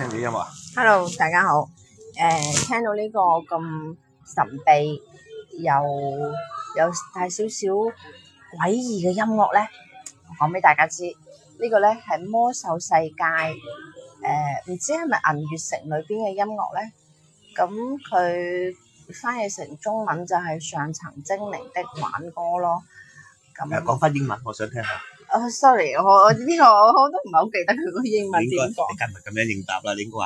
聽啲音樂。Hello，大家好。誒，聽到呢個咁神秘又又係少少詭異嘅音樂咧，我講俾大家知，呢個咧係魔獸世界誒，唔知係咪銀月城裏邊嘅音樂咧？咁佢翻譯成中文就係上層精靈的輓歌咯。咁。誒，講返英文，我想聽下。啊，sorry，我呢個我都唔係好記得佢個英文點講。你應該，你今日咁樣應答啦，你應該話。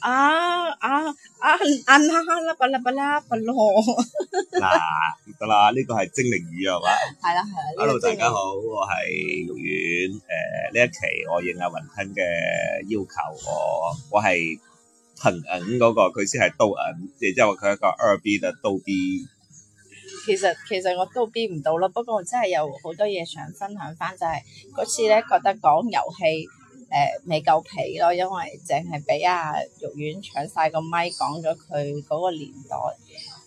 啊啊啊啊啦啦啦啦啦啦，不羅。嗱，得啦，呢個係精靈語系嘛。係啦係啦。Hello，大家好，我係陸遠。誒，呢一期我應阿雲吞嘅要求，我我係平銀嗰個，佢先係刀銀，即係即係話佢係一個二 B 嘅刀 B。其實其實我都編唔到咯。不過我真係有好多嘢想分享返，就係、是、嗰次咧，覺得講遊戲誒未夠皮咯，因為淨係俾阿玉婉搶晒個咪，講咗佢嗰個年代誒、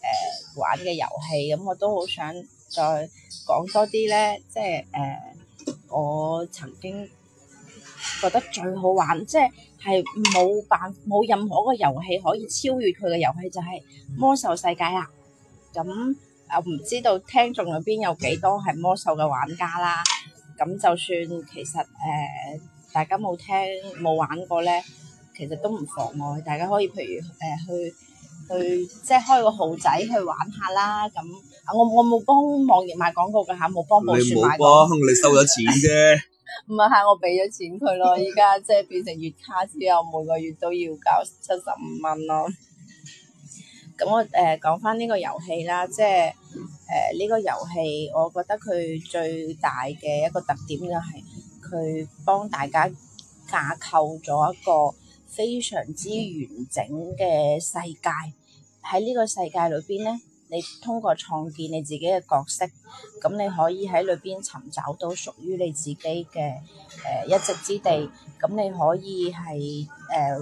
呃、玩嘅遊戲。咁、嗯、我都好想再講多啲咧，即係誒、呃、我曾經覺得最好玩，即係係冇辦冇任何個遊戲可以超越佢嘅遊戲，就係、是《魔獸世界》啊、嗯。咁、嗯我唔知道聽眾裏邊有幾多係魔獸嘅玩家啦。咁就算其實誒、呃，大家冇聽冇玩過咧，其實都唔妨礙，大家可以譬如誒、呃、去去即係開個號仔去玩下啦。咁啊，我我冇幫網頁賣廣告嘅嚇，冇幫無線賣。啊、你收咗錢啫。唔係嚇，我俾咗錢佢咯。依家 即係變成月卡之後，每個月都要交七十五蚊咯。咁我誒講返呢個遊戲啦，即係誒呢個遊戲，我覺得佢最大嘅一個特點就係佢幫大家架構咗一個非常之完整嘅世界。喺呢個世界裏邊咧，你通過創建你自己嘅角色，咁你可以喺裏邊尋找到屬於你自己嘅誒、呃、一席之地。咁你可以係誒、呃，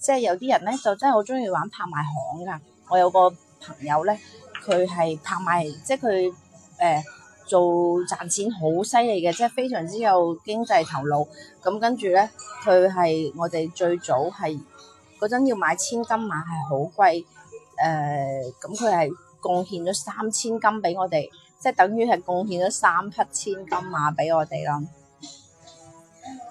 即係有啲人咧就真係好鍾意玩拍賣行㗎。我有個朋友咧，佢係拍賣，即係佢誒做賺錢好犀利嘅，即係非常之有經濟頭腦。咁跟住咧，佢係我哋最早係嗰陣要買千金馬係好貴，誒咁佢係貢獻咗三千金俾我哋，即係等於係貢獻咗三匹千金馬俾我哋啦。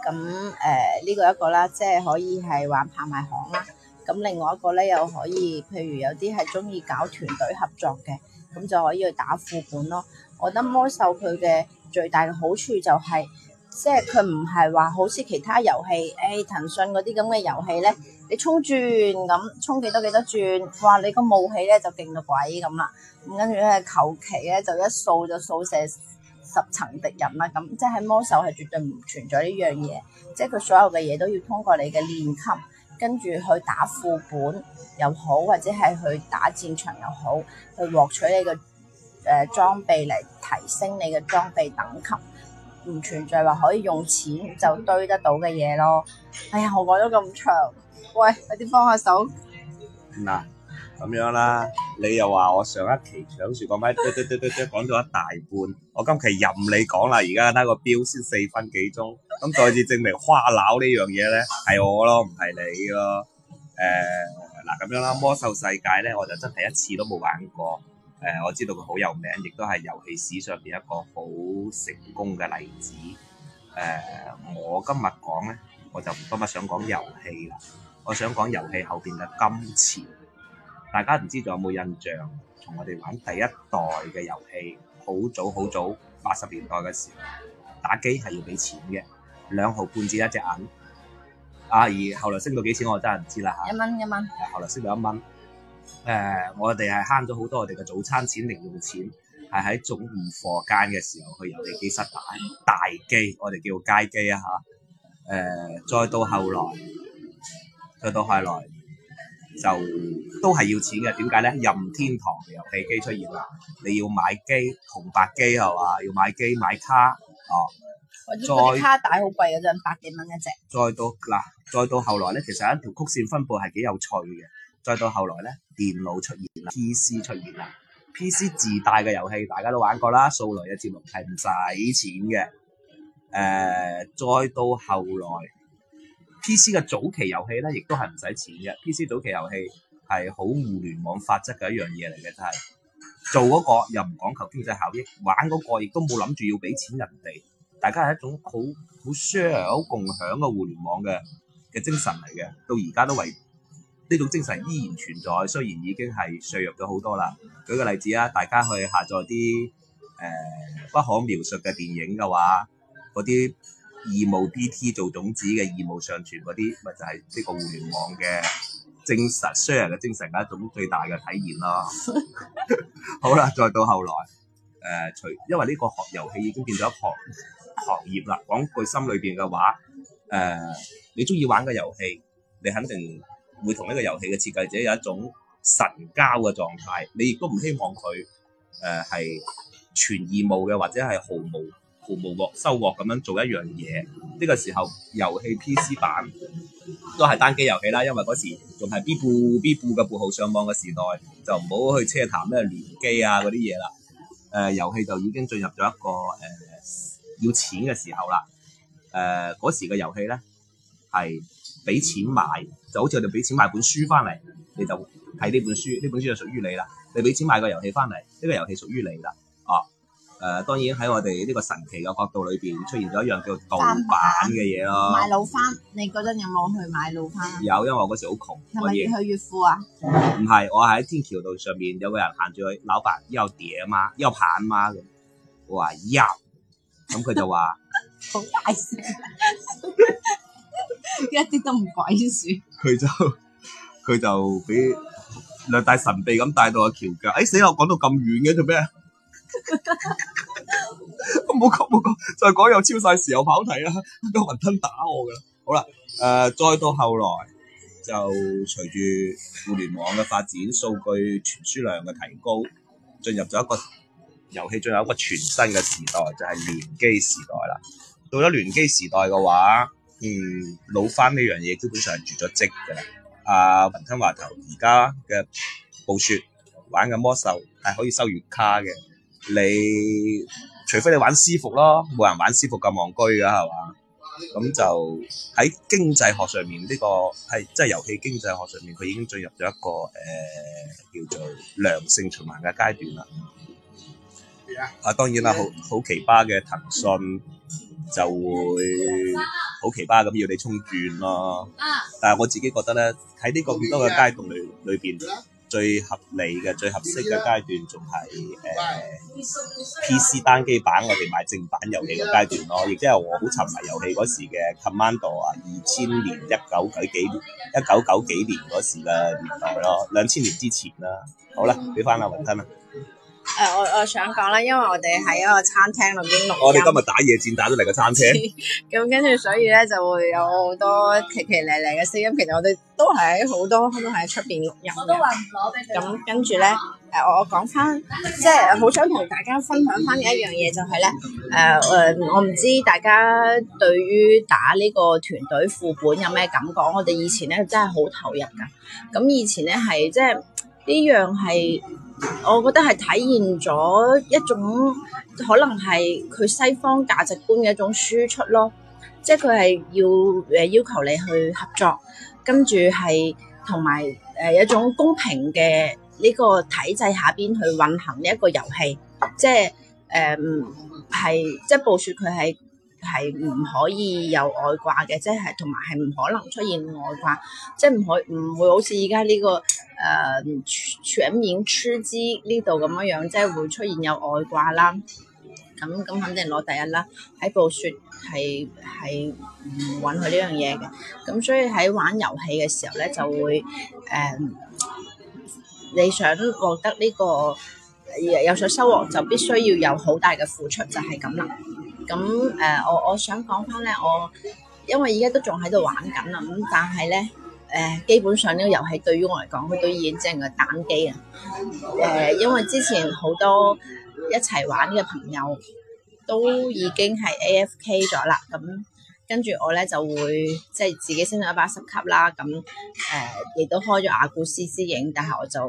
咁誒呢個一個啦，即係可以係玩拍賣行啦。咁另外一個咧，又可以，譬如有啲係中意搞團隊合作嘅，咁就可以去打副本咯。我覺得魔獸佢嘅最大嘅好處就係，即係佢唔係話好似其他遊戲，誒騰訊嗰啲咁嘅遊戲咧，你充轉咁充幾多幾多轉，哇你個武器咧就勁到鬼咁啦，咁跟住咧求其咧就一掃就掃射十層敵人啦，咁即係喺魔獸係絕對唔存在呢樣嘢，即係佢所有嘅嘢都要通過你嘅練級。跟住去打副本又好，或者係去打戰場又好，去獲取你嘅誒、呃、裝備嚟提升你嘅裝備等級，唔存在話可以用錢就堆得到嘅嘢咯。哎呀，我講咗咁長，喂，快啲幫下手。嗱、嗯。咁樣啦，你又話我上一期搶住講咩？嘟嘟嘟嘟嘟，講咗一大半，我今期任你講啦。而家得個錶，先四分幾鐘，咁再次證明花佬呢、呃、樣嘢咧係我咯，唔係你咯。誒，嗱，咁樣啦，魔獸世界咧，我就真係一次都冇玩過。誒、呃，我知道佢好有名，亦都係遊戲史上面一個好成功嘅例子。誒、呃，我今日講咧，我就今日想講遊戲啦，我想講遊戲後面嘅金錢。大家唔知仲有冇印象，從我哋玩第一代嘅遊戲，好早好早八十年代嘅時候打機係要俾錢嘅，兩毫半至一隻銀。阿、啊、而後來升到幾錢，我真係唔知啦嚇、啊。一蚊一蚊。誒，後來升到一蚊。誒、呃，我哋係慳咗好多我哋嘅早餐錢、零用錢，係喺做預課間嘅時候去遊戲機室打大機，我哋叫街機啊吓，誒、呃，再到後來，再到後來。就都係要錢嘅，點解咧？任天堂嘅遊戲機出現啦，你要買機紅白機係嘛？要買機買卡，哦，再卡帶好貴嘅，兩百幾蚊一隻。再到嗱，再到後來咧，其實有一條曲線分布係幾有趣嘅。再到後來咧，電腦出現啦，PC 出現啦，PC 自帶嘅遊戲大家都玩過啦，掃雷嘅節目係唔使錢嘅。誒、呃，再到後來。PC 嘅早期遊戲咧，亦都係唔使錢嘅。PC 早期遊戲係好互聯網法則嘅一樣嘢嚟嘅，就係、是、做嗰個又唔講求經濟效益，玩嗰個亦都冇諗住要俾錢人哋。大家係一種好好 share、好 sh 共享嘅互聯網嘅嘅精神嚟嘅。到而家都為呢種精神依然存在，雖然已經係削弱咗好多啦。舉個例子啊，大家去下載啲誒、呃、不可描述嘅電影嘅話，嗰啲。義務 BT 做種子嘅義務上傳嗰啲，咪就係、是、呢個互聯網嘅 精神，分享嘅精神嘅一種最大嘅體現咯。 好啦，再到後來，誒、呃，除因為呢個學遊戲已經變咗一項行業啦。講句心裏邊嘅話，誒、呃，你中意玩嘅遊戲，你肯定會同呢個遊戲嘅設計者有一種神交嘅狀態。你亦都唔希望佢誒係全義務嘅，或者係毫無。服務獲收穫咁樣做一樣嘢，呢、這個時候遊戲 PC 版都係單機遊戲啦，因為嗰時仲係 B 部 B 部嘅撥號上網嘅時代，就唔好去奢談咩聯機啊嗰啲嘢啦。誒、呃，遊戲就已經進入咗一個誒、呃、要錢嘅時候啦。誒、呃，嗰時嘅遊戲咧係俾錢買，就好似我哋俾錢買本書翻嚟，你就睇呢本書，呢本書就屬於你啦。你俾錢買個遊戲翻嚟，呢、這個遊戲屬於你啦。誒、呃、當然喺我哋呢個神奇嘅角度裏邊出現咗一樣叫盜版嘅嘢咯。買老翻，你嗰陣有冇去買老翻？ 有，因為我嗰時好窮。係咪越去越富啊？唔係， 我喺天橋道上面有個人行住去，老闆又嗲媽，又棒媽咁。我話入，咁、yeah、佢、 嗯、就話好大聲， 一啲都唔鬼算。佢 就佢就俾略帶神秘咁帶到，到橋、哎、個橋腳。誒死我講到咁遠嘅做咩啊？唔好講，唔好講，再講又超晒時，又跑題啦。阿雲吞打我噶啦。好啦，誒、呃，再到後來就隨住互聯網嘅發展，數據傳輸量嘅提高，進入咗一個遊戲，進入一個全新嘅時代，就係聯機時代啦。到咗聯機時代嘅話，嗯，老翻呢樣嘢，基本上係絕咗跡噶啦。阿、呃、雲吞話頭，而家嘅暴雪玩嘅魔獸係、哎、可以收月卡嘅。你除非你玩私服咯，冇人玩私服咁戇居嘅係嘛？咁就喺經濟學上面呢、這個係即係遊戲經濟學上面，佢已經進入咗一個誒、呃、叫做良性循環嘅階段啦。啊，當然啦，好好奇葩嘅騰訊就會好奇葩咁要你充鑽咯。但係我自己覺得咧，喺呢個咁多嘅階段裏裏邊。最合理嘅、最合適嘅階段仲係誒 PC 單機版，我哋買正版遊戲嘅階段咯，亦即係我好沉迷遊戲嗰時嘅 Commando 啊，二千年一九九幾、一九九幾年嗰時嘅年代咯，兩千年之前啦。好啦，俾翻阿雲吞啦。誒，我我想講啦，因為我哋喺一個餐廳裏邊錄音。我哋今日打野戰打咗嚟個餐廳。咁、 嗯、跟住，所以咧就會有好多奇奇咧咧嘅聲音。其實我哋都係喺好多都喺出邊錄音。我都話唔攞俾佢。咁跟住咧，誒，我講翻，即係好想同大家分享翻嘅一樣嘢就係咧，誒、呃、誒，我唔知大家對於打呢個團隊副本有咩感覺？我哋以前咧真係好投入噶，咁以前咧係即係。呢樣係，我覺得係體現咗一種可能係佢西方價值觀嘅一種輸出咯，即係佢係要誒要求你去合作，跟住係同埋誒一種公平嘅呢個體制下邊去運行呢一個遊戲，即係誒係即係暴雪佢係係唔可以有外掛嘅，即係同埋係唔可能出現外掛，即係唔可唔會好似而家呢個。誒、呃、全面出資呢度咁樣樣，即係會出現有外掛啦。咁咁肯定攞第一啦。喺暴雪係係唔允許呢樣嘢嘅。咁所以喺玩遊戲嘅時候咧，就會誒、呃，你想獲得呢個有所收穫，就必須要有好大嘅付出，就係咁啦。咁誒、呃，我我想講翻咧，我因為而家都仲喺度玩緊啦。咁但係咧。誒、呃、基本上呢個遊戲對於我嚟講，佢都已經淨係個單機啊。誒、呃，因為之前好多一齊玩嘅朋友都已經係 A F K 咗啦，咁跟住我咧就會即係自己升到一百十級啦。咁誒，亦都開咗阿古斯之影，但係我就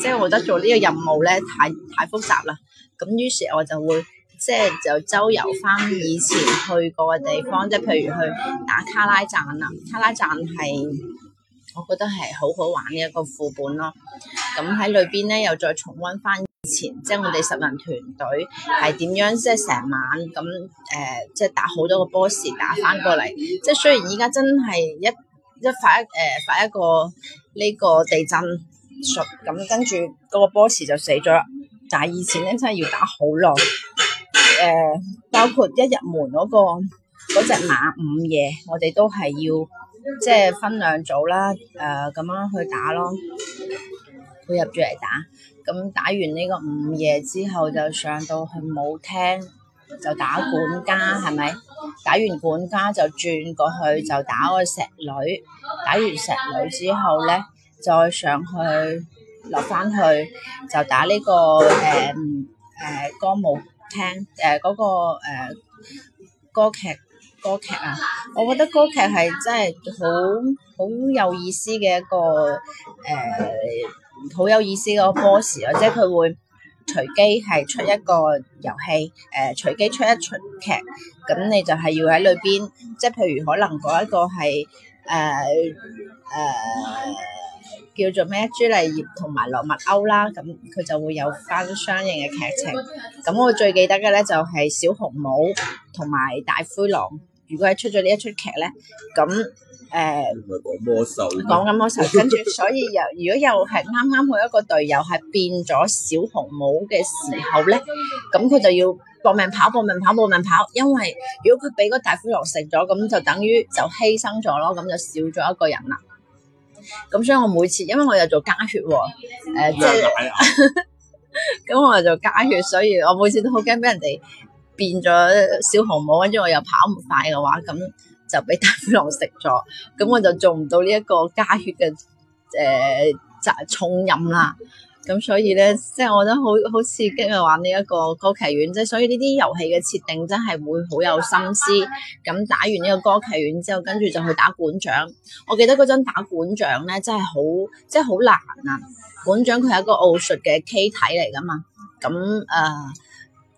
即係覺得做呢個任務咧太太複雜啦。咁於是我就會即係就周遊翻以前去過嘅地方，即係譬如去打卡拉站啦。卡拉站係～我覺得係好好玩嘅一個副本咯，咁喺裏邊咧又再重温翻以前，即係我哋十人團隊係點樣，即係成晚咁誒、呃，即係打好多個 boss 打翻過嚟。即係雖然依家真係一一發一誒、呃、發一個呢、這個地震術，咁跟住嗰個 boss 就死咗啦，但係以前咧真係要打好耐。誒、呃，包括一入門嗰、那個嗰隻、那個、馬午夜，我哋都係要。即係分兩組啦，誒、呃、咁樣去打咯，佢入住嚟打，咁打完呢個午夜之後就上到去舞廳，就打管家係咪？打完管家就轉過去就打個石女，打完石女之後咧，再上去落翻去就打呢、這個誒誒、呃呃、歌舞廳誒嗰個誒、呃、歌劇。歌劇啊，我覺得歌劇係真係好好有意思嘅一個誒，好、呃、有意思個波士啊！即係佢會隨機係出一個遊戲，誒隨機出一出劇，咁你就係要喺裏邊，即係譬如可能嗰一個係誒誒叫做咩朱麗葉同埋羅密歐啦，咁佢就會有返相應嘅劇情。咁我最記得嘅咧就係、是、小紅帽同埋大灰狼。如果係出咗呢一出劇咧，咁誒，講、呃《係咪魔獸》，講《緊魔獸》，跟住所以又如果又係啱啱嗰一個隊友係變咗小紅帽嘅時候咧，咁佢就要搏命跑步、搏命跑步、搏命跑，搏命跑因為如果佢俾個大灰狼食咗，咁就等於就犧牲咗咯，咁就少咗一個人啦。咁所以我每次因為我又做加血喎，誒、呃，即係奶呀，咁 我又做加血，所以我每次都好驚俾人哋，變咗小紅帽，跟住我又跑唔快嘅話，咁就俾大灰狼食咗。咁我就做唔到呢一個加血嘅、誒、呃，重任啦。咁所以咧，即係我覺得好好刺激嘅，玩呢一個歌劇院。即係所以呢啲遊戲嘅設定真係會好有心思。咁打完呢個歌劇院之後，跟住就去打館長。我記得嗰陣打館長咧，真係好，即係好難啊！館長佢係一個奧術嘅 K 體嚟噶嘛？咁誒。呃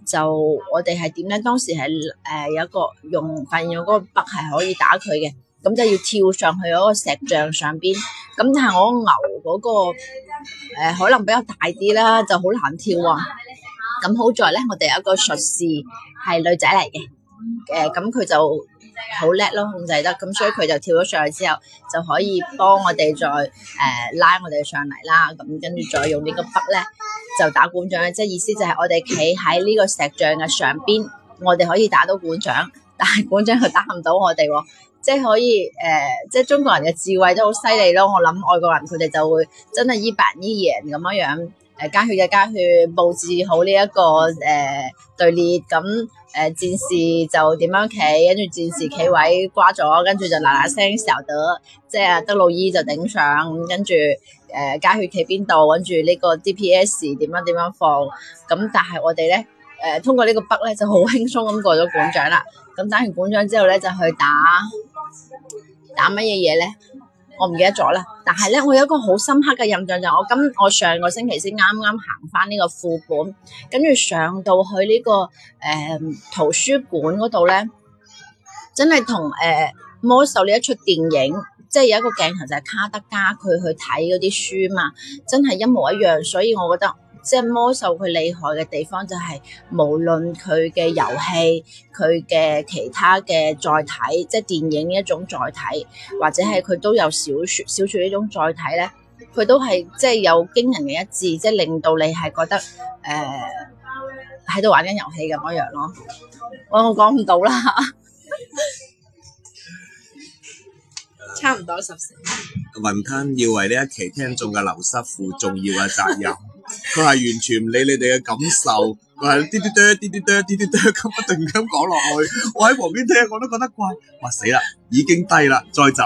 就我哋係點咧？當時係誒、呃、有一個用發現用嗰個筆係可以打佢嘅，咁就要跳上去嗰個石像上邊。咁但係我牛嗰、嗰個誒、呃、可能比較大啲啦，就好難跳啊。咁好在咧，我哋有一個術士係女仔嚟嘅，誒咁佢就。好叻咯，控制得咁，所以佢就跳咗上去之後，就可以幫我哋再誒、呃、拉我哋上嚟啦。咁、啊、跟住再用呢個筆咧，就打館長。即係意思就係我哋企喺呢個石像嘅上邊，我哋可以打到館長，但係館長佢打唔到我哋喎、啊。即係可以誒、呃，即係中國人嘅智慧都好犀利咯。我諗外國人佢哋就會真係依白依爺咁樣樣。誒，加血嘅加血，布置好呢、這、一個誒隊、呃、列，咁誒、呃、戰士就點樣企，跟住戰士企位瓜咗，跟住就嗱嗱聲時候得，即係德魯伊就頂上，咁跟住誒加血企邊度，跟住呢個 DPS 點樣點樣放，咁但係我哋咧，誒、呃、通過呢個北咧就好輕鬆咁過咗館長啦，咁打完館長之後咧就去打打乜嘢嘢咧？我唔記得咗啦，但係咧，我有一個好深刻嘅印象就係、是、我今我上個星期先啱啱行返呢個副本，跟住上到去呢、這個誒、呃、圖書館嗰度咧，真係同、呃、魔獸呢一出電影，即係有一個鏡頭就係卡德加佢去睇嗰啲書嘛，真係一模一樣，所以我覺得。即係魔獸佢厲害嘅地方就係無論佢嘅遊戲、佢嘅其他嘅載體，即係電影一種載體，或者係佢都有小説、小説一種載體咧，佢都係即係有驚人嘅一致，即係令到你係覺得誒喺度玩緊遊戲咁樣咯。我講唔到啦，差唔多十四。雲吞要為呢一期聽眾嘅流失負重要嘅責任。佢係完全唔理你哋嘅感受，佢係嘀嘀嘟、嘀嘀嘟、嘀嘀嘟咁不然咁講落去，我喺旁邊聽，我都覺得怪，哇，死啦，已經低啦，再走，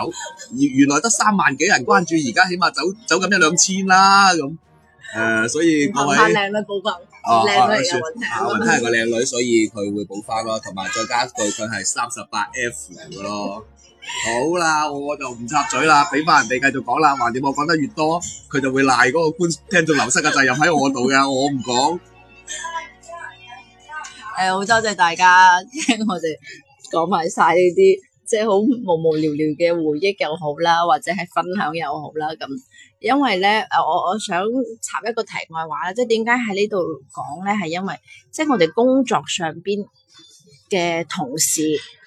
原原來得三萬幾人關注，而家起碼走走緊一兩千啦咁，誒、呃，所以各位，好靚啦曝哦，佢係個靚女，所以佢會補翻咯，同埋再加一句佢係三十八 F 嘅咯。好啦，我就唔插嘴啦，俾翻人哋繼續講啦。橫掂我講得越多，佢就會賴嗰個觀聽眾流失嘅責任喺我度㗎，我唔講。誒、 呃，好多謝大家聽 我哋講埋晒呢啲，即係好無無聊聊嘅回憶又好啦，或者係分享又好啦咁。因為咧，誒，我我想插一個題外話啦，即係點解喺呢度講咧？係因為，即係我哋工作上邊嘅同事，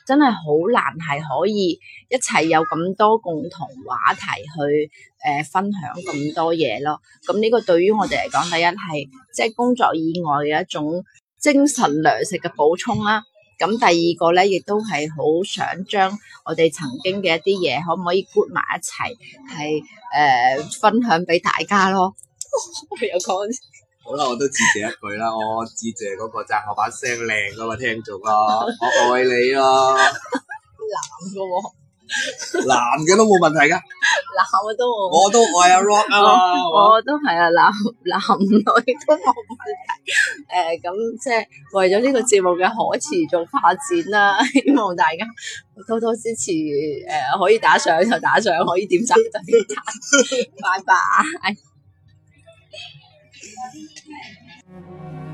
真係好難係可以一齊有咁多共同話題去誒、呃、分享咁多嘢咯。咁、嗯、呢、這個對於我哋嚟講，第一係即係工作以外嘅一種精神糧食嘅補充啦。咁第二個咧，亦都係好想將我哋曾經嘅一啲嘢，可唔可以 good 埋一齊，係誒、呃、分享俾大家咯。有講 好啦，我都致謝一句啦，我致謝嗰個贊我把聲靚嘅嘛聽眾啊，我愛你啊。男嘅喎，男 嘅都冇問題㗎。我都我都係啊 rock 我都係啊，男鬧唔都冇問題、 呃。誒咁即係為咗呢個節目嘅可持續發展啦、啊， 希望大家多多支持。誒、呃、可以打賞就打賞，可以點讚就點讚。拜拜。